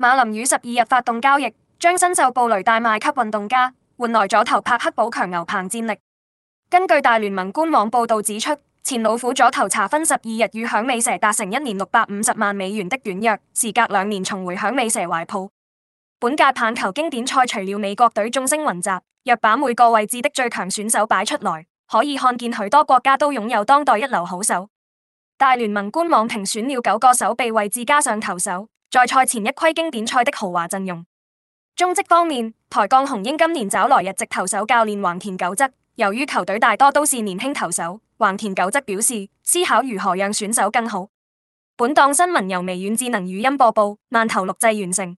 馬林於十二日發動交易，將新秀布雷大賣給運動家，換來左投帕克補強牛棚戰力。根據大聯盟官網報道指出，前老虎左投查分十二日與響尾蛇達成一年六百五十萬美元的短約，時隔兩年重回響尾蛇懷抱。本屆棒球經典賽除了美國隊眾星雲集，若把每個位置的最強選手擺出來，可以看見許多國家都擁有當代一流好手。大聯盟官網評選了九個手臂位置，加上投手。在賽前一窺經典賽的豪華陣容。中職方面，台鋼雄鷹今年找來日籍投手教練橫田久則。由於球隊大多都是年輕投手，橫田久則表示思考如何讓選手更好。本檔新聞由微軟智能語音播報，慢頭錄製完成。